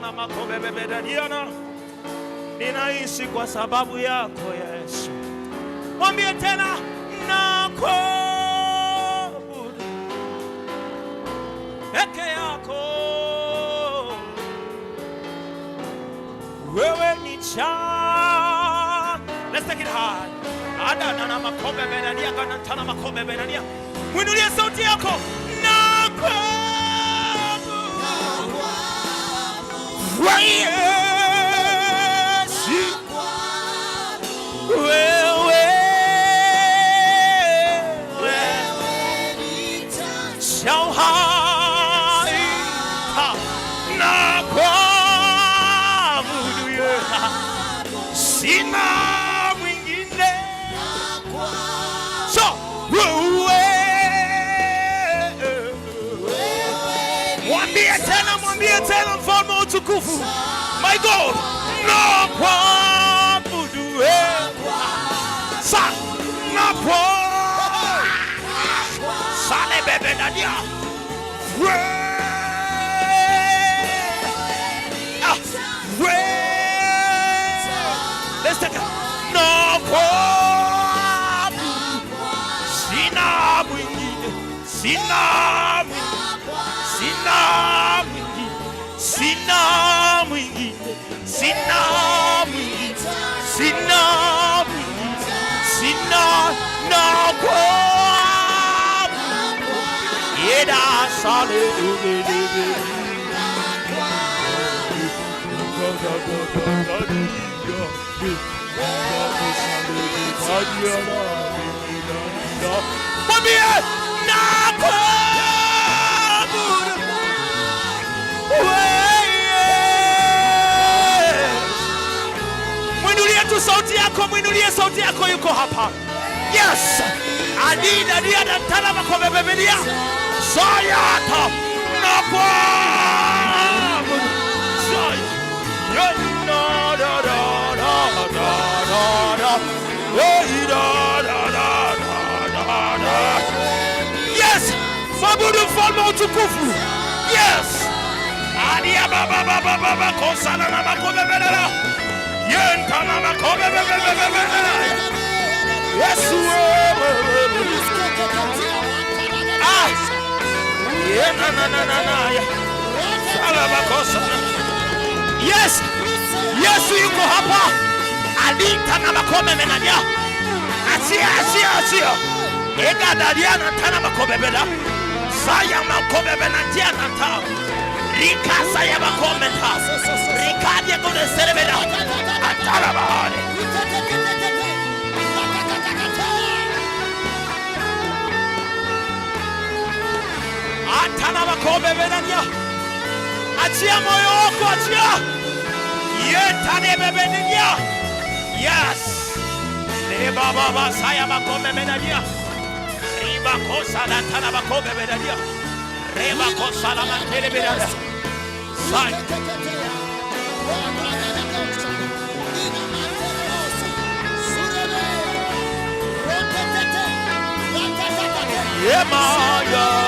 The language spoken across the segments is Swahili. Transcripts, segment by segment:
Bwana makobebebedadiana ninaishi kwa sababu yako Yesu. Mwambie tena nako peke yako, wewe ni cha adanana makobebedadia ganatana makobebedadia mwinulie sauti yako naku prayer. Benadia. Let's take it. No problem. Sinami. Sinami. Sinami. Sinami. Sinami. Sinami. Sinami. No problem. la sale mwinulie tu sauti yako, mwinulie sauti yako, yuko hapa. Yes, adida dia talama kwa bebebelia Sayata Nakwam Yes Fabudu falme Yes Adia baba na makobe belala Yenta Yes, Yesu yuko hapa, alintana makome menanya asia asia asia egadaliana tana makome beda saya makome benantia nata rika saya makome ta rika dia kone serebeda atala bahane Atana makobe velania. Achia moyo wako, achia. Yetane bebeninia. Yes. Leba baba saya makobe velania. Riba kosa la tana makobe velania. Reba kosa la mantele velania. Sai. Yeah, my God.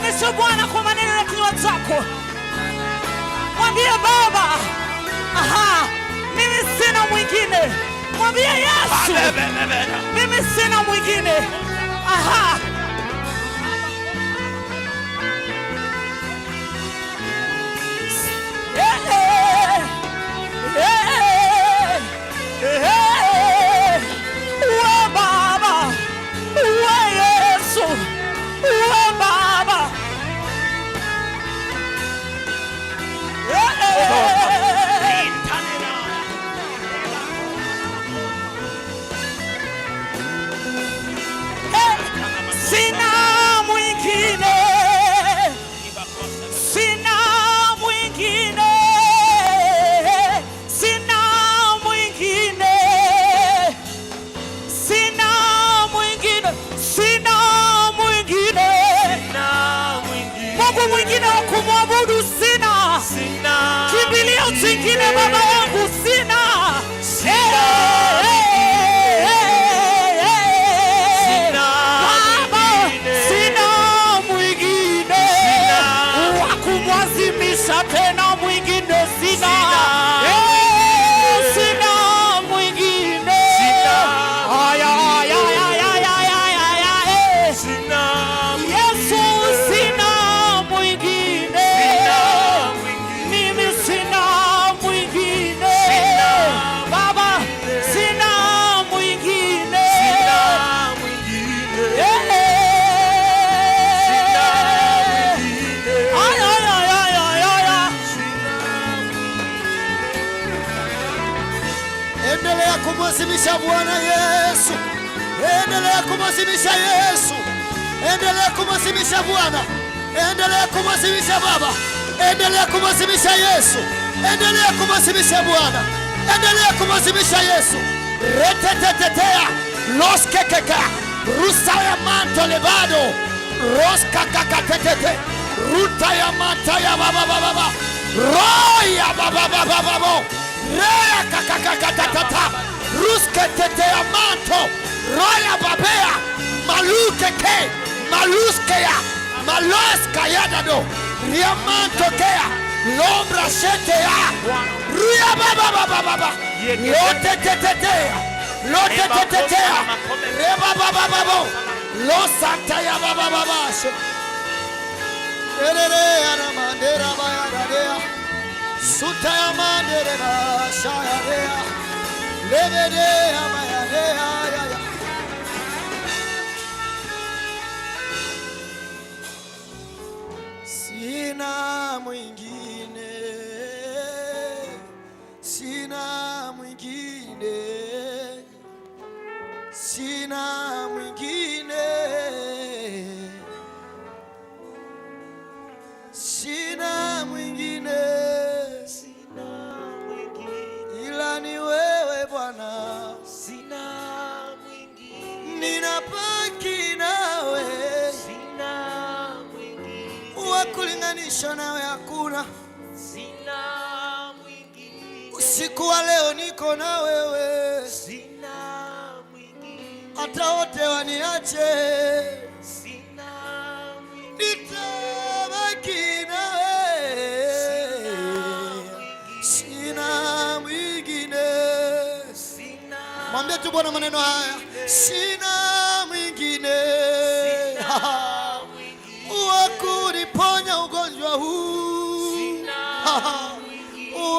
Mlazimishe Bwana kwa maneno ya kinywa chako, mwambie Baba, aha, mimi sina mwingine. Mwambie Yesu, mimi sina mwingine, aha kumwazimisha Bwana Yesu, endelea kumwazimisha Yesu, endelea kumwazimisha Bwana, endelea kumwazimisha Baba, endelea kumwazimisha Yesu, endelea kumwazimisha Bwana, endelea kumwazimisha Yesu. retetetetea loskekeka rusa ya manto levado roskakakatetete ruta ya mata ya bababababa roya bababababo Rea kakakakatata ruske tetea manto roya babea malukeke maluskeya maloskayadado riamantokea lombra sheteya ruya babababababa lotetetetea lotetetetea rebababababo losataya babababashe erereyanamanderabayaradea Sutaya manere na shaya rea Levede amaya rea kulinganisha nawe hakuna. Sina mwingine. Usiku wa leo niko na wewe. Sina mwingine. Hata wote waniache. Sina mwingine. Nitabaki na nawe. Sina mwingine. Mwambie tu Bwana maneno haya. Sina huu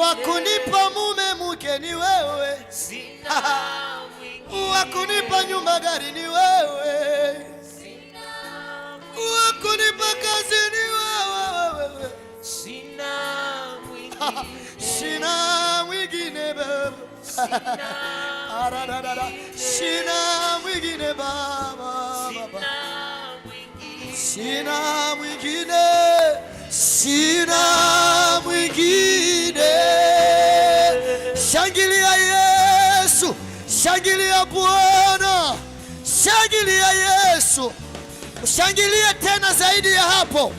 wakunipa mume mke ni wewe, wakunipa nyumba gari ni wewe, wakunipa kazi ni wewe, sina mwingine baba, sina mwingine baba, ah, sina mwingine sina mwingine. Shangilia Yesu, shangilia Bwana, shangilia Yesu, mshangilie tena zaidi ya hapo,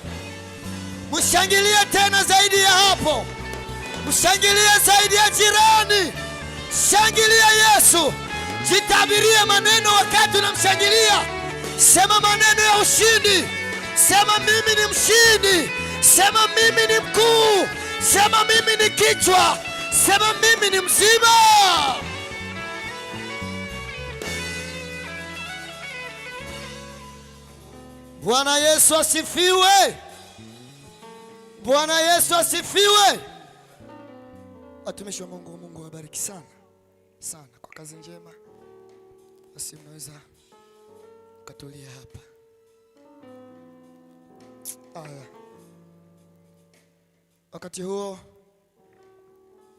mshangilie tena zaidi ya hapo, mshangilie zaidi ya jirani. Shangilia Yesu, jitabirie maneno wakati unamshangilia. Sema maneno ya ushindi, sema mimi ni mshindi. Sema mimi ni mkuu, sema mimi ni kichwa, sema mimi ni mzima. Bwana Yesu asifiwe! Bwana Yesu asifiwe! Watumishi wa Mungu, Mungu awabariki sana sana kwa kazi njema. Basi mnaweza katulia hapa. Aya. Wakati huo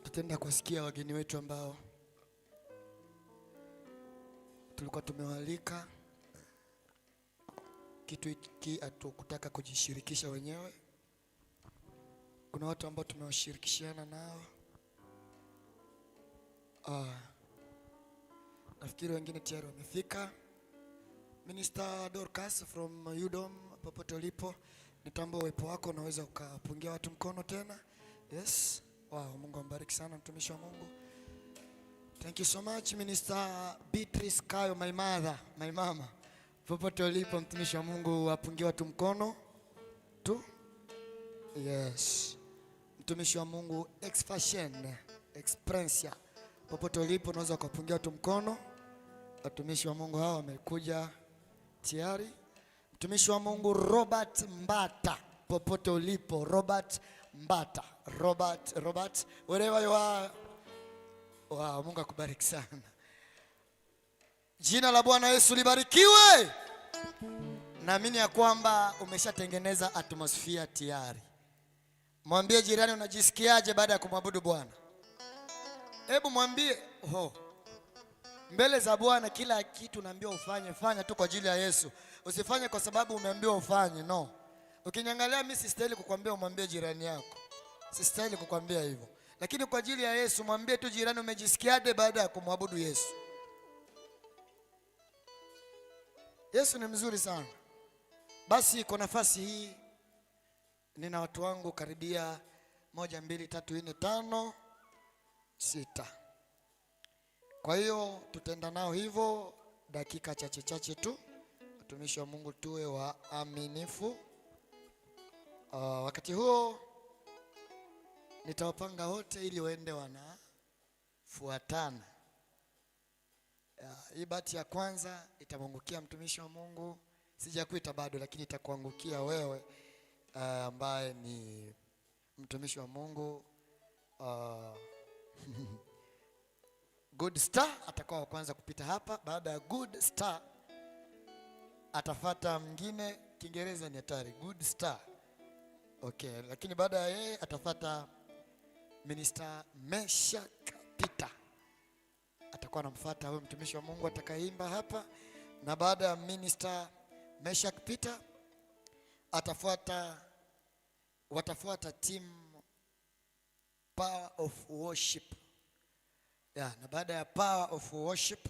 tutaenda kuwasikia wageni wetu ambao tulikuwa tumewaalika. Kitu hiki hatukutaka kujishirikisha wenyewe. Kuna watu ambao tumewashirikishiana nao. Ah, nafikiri wengine tayari wamefika. Minister Dorcas from UDOM, popote ulipo. Nitambua uwepo wako, unaweza ukapungia watu mkono tena. Yes. Wow, Mungu ambariki sana mtumishi wa Mungu. Thank you so much Minister Beatrice Kayo, my mother, my mama. Popote ulipo mtumishi wa Mungu, apungie watu mkono tu. Yes. Mtumishi wa Mungu expression experience. Popote ulipo unaweza ukapungia watu mkono. Watumishi wa Mungu hao wamekuja tayari. Mtumishi wa Mungu Robert Mbata, popote ulipo Robert Mbata, Robert, Robert wherever you are. Wow, Mungu akubariki sana. Jina la Bwana Yesu libarikiwe. Naamini ya kwamba umeshatengeneza atmosphere tayari. Mwambie jirani unajisikiaje baada ya kumwabudu Bwana? Hebu mwambie oh. Mbele za Bwana kila kitu naambiwa ufanye, fanya tu kwa ajili ya Yesu. Usifanye kwa sababu umeambiwa ufanye, no. ukinyangalia mimi sistahili kukwambia umwambie jirani yako, sistahili kukwambia hivyo, lakini kwa ajili ya Yesu mwambie tu jirani, umejisikiaje baada ya kumwabudu Yesu? Yesu ni mzuri sana. Basi kwa nafasi hii nina watu wangu karibia moja, mbili, tatu, nne, tano, sita. Kwa hiyo tutaenda nao hivyo dakika chache chache tu mtumishi wa Mungu tuwe waaminifu. Uh, wakati huo nitawapanga wote ili waende wanafuatana. Hii uh, bati ya kwanza itamwangukia mtumishi wa Mungu, sijakuita bado, lakini itakuangukia wewe ah, ambaye ni mtumishi wa Mungu uh, Good Star atakuwa wa kwanza kupita hapa. Baada ya Good Star atafata mwingine, Kiingereza ni hatari, good star okay. Lakini baada ya yeye atafata Minister Meshak Peter, atakuwa anamfuata huyo mtumishi wa Mungu atakayeimba hapa, na baada ya Minister Meshak Peter atafuata, watafuata team Power of Worship yeah, na baada ya Power of Worship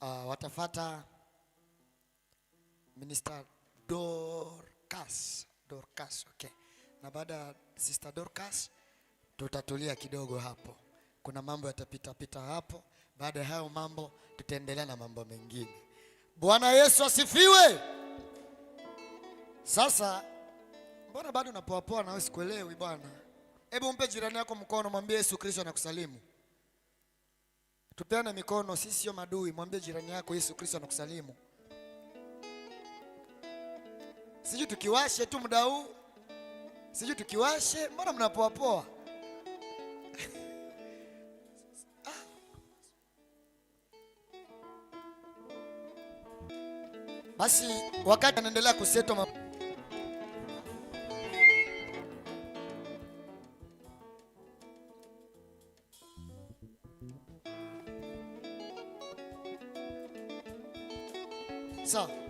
uh, watafata Minister Dorcas, Dorcas, okay. Na baada ya Sister Dorcas tutatulia kidogo hapo, kuna mambo yatapitapita hapo. Baada ya hayo mambo tutaendelea na mambo mengine. Bwana Yesu asifiwe. Sasa mbona bado unapoapoa wewe sikuelewi bwana? Hebu mpe jirani yako mkono, mwambie Yesu Kristo anakusalimu. Tupeane mikono, sisi sio madui. Mwambie jirani yako Yesu Kristo anakusalimu. Sijui tukiwashe tu muda huu, sijui tukiwashe. Mbona mnapoapoa? Basi wakati anaendelea kusetwa sawa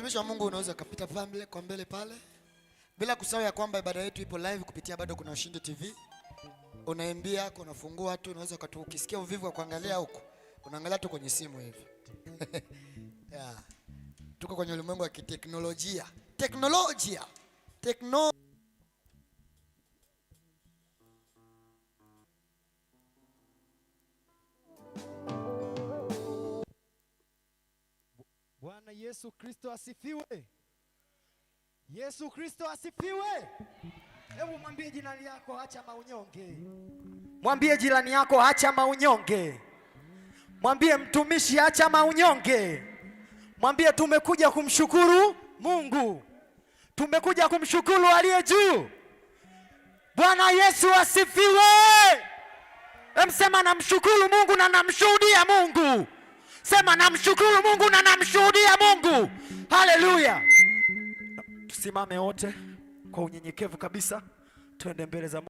Mtumishi wa Mungu, unaweza ukapita pale kwa mbele pale, bila kusahau ya kwamba ibada yetu ipo live kupitia bado kuna ushindi TV. Unaimbia hapo, unafungua tu, unaweza ukisikia uvivu wa kuangalia huko, unaangalia tu kwenye simu hivi yeah. Tuko kwenye ulimwengu wa kiteknolojia teknolojia teknolojia. asifiwe. Yesu Kristo asifiwe. Hebu mwambie jirani yako acha maunyonge. Mwambie jirani yako acha maunyonge. Mwambie mtumishi acha maunyonge. Mwambie tumekuja kumshukuru Mungu. Tumekuja kumshukuru aliye juu. Bwana Yesu asifiwe. Emsema namshukuru Mungu na namshuhudia Mungu. Sema namshukuru Mungu na namshuhudia Mungu. Haleluya! Tusimame wote kwa unyenyekevu kabisa, tuende mbele za